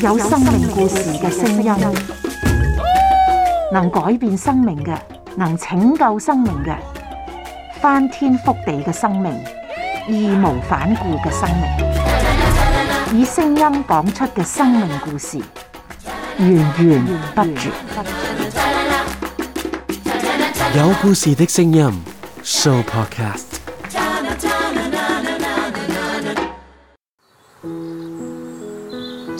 有生命故事嘅聲音，能改變生命嘅，能拯救生命嘅，翻天覆地嘅生命，義無反顧嘅生命，以聲音講出嘅生命故事，源源不絕。有故事嘅聲音，Show Podcast。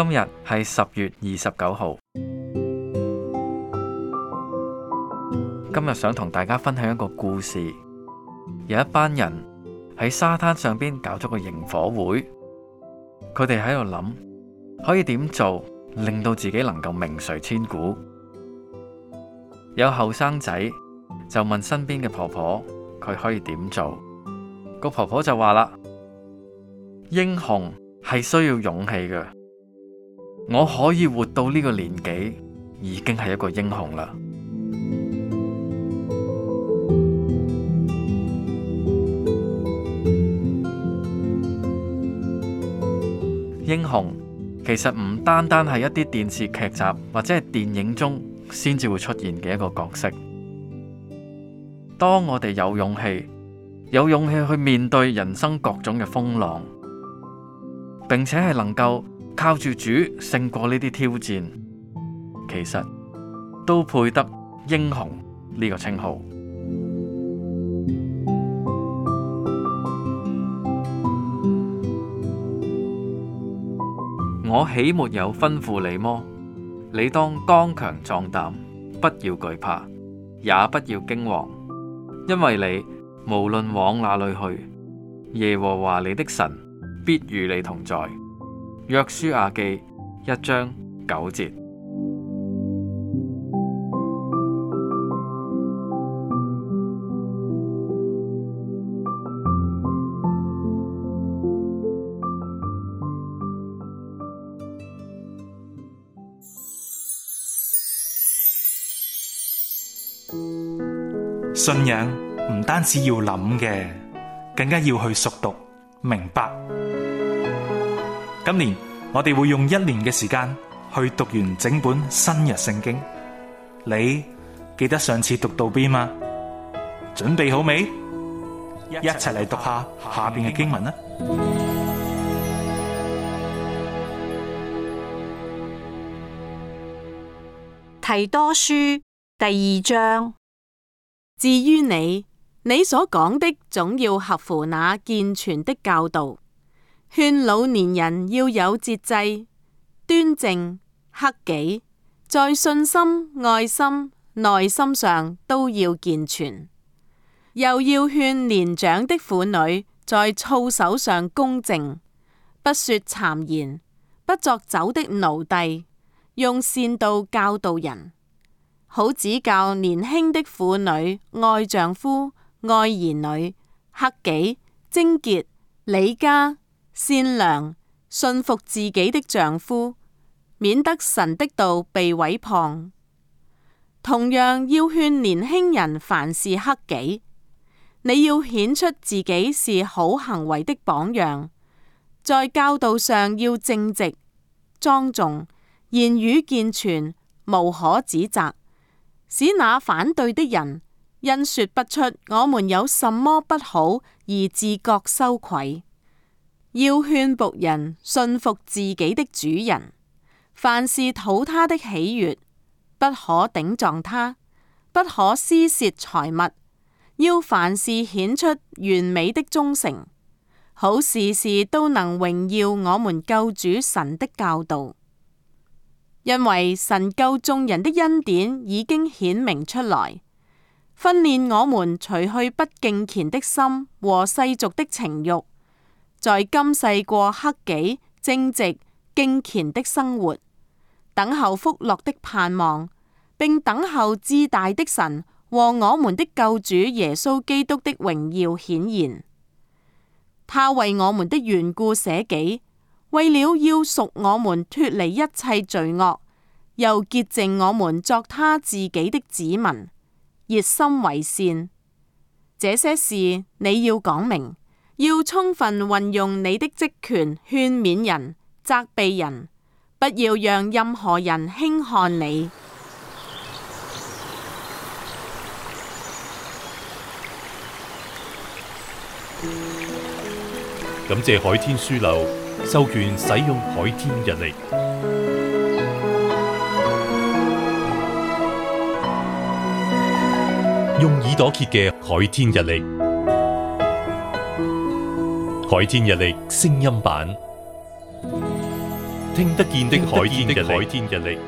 今日係十月二十九號。今日想同大家分享一個故事。有一班人喺沙灘上邊搞咗個營火會，佢哋喺度諗可以點做，令到自己能夠名垂千古。有後生仔就問身邊嘅婆婆，佢可以點做？個婆婆就話啦，英雄係需要勇氣嘅。我可以活到呢個年紀，已經係一個英雄啦！英雄其實唔單單係一啲電視劇集或者係電影中先至會出現嘅一個角色。當我哋有勇氣，有勇氣去面對人生各種嘅風浪，並且係能夠。靠住主勝過呢啲挑戰，其實都配得英雄呢個稱號。 我豈沒有吩咐你麼？你當剛強壯膽，不要懼怕，也不要驚惶，因為你無論往哪裏去，耶和華你的神必與你同在。約書亞記一章九節。信仰唔單止要諗嘅，更加要去熟讀明白。今年我哋會用一年嘅時間去讀完整本新約聖經。你記得上次讀到邊嗎？準備好未？一齊嚟讀下下面嘅經文啦。提多書第二章，至於你，你所講的總要合乎那健全的教導。勸老年人要有節制、端正、克己，在信心、愛心、耐心上都要健全。又要勸年長的婦女在操守上公正，不說讒言，不作酒的奴隸，用善道教導人，好指教年輕的婦女愛丈夫、愛兒女、克己、貞潔、理家。善良信服自己的丈夫，免得神的道被毀謗。同樣要勸年輕人凡事克己，你要顯出自己是好行為的榜樣。在教導上要正直、莊重，言語健全，無可指責，使那反對的人因說不出我們有什麼不好而自覺羞愧。要勸僕人信服自己的主人，凡事討他的喜悦，不可頂撞他，不可私竊財物，要凡事顯出完美的忠誠，好事事都能榮耀我們救主神的教導。因為神救眾人的恩典已經顯明出來，訓練我們除去不敬虔的心和世俗的情欲。在今世過克己、正直、敬虔的生活，等候福樂的盼望，並等候至大的神和我們的救主耶穌基督的榮耀顯現。他為我們的緣故捨己，為了要贖我們脫離一切罪惡，又潔淨我們作他自己的子民，熱心為善。這些事你要講明。要充分運用你的職權，勸勉人、責備人，不要讓任何人輕看你。感謝海天書樓，授權使用海天日曆，用耳朵揭嘅海天日曆。海天日曆聲音版，聽得見的海天日曆。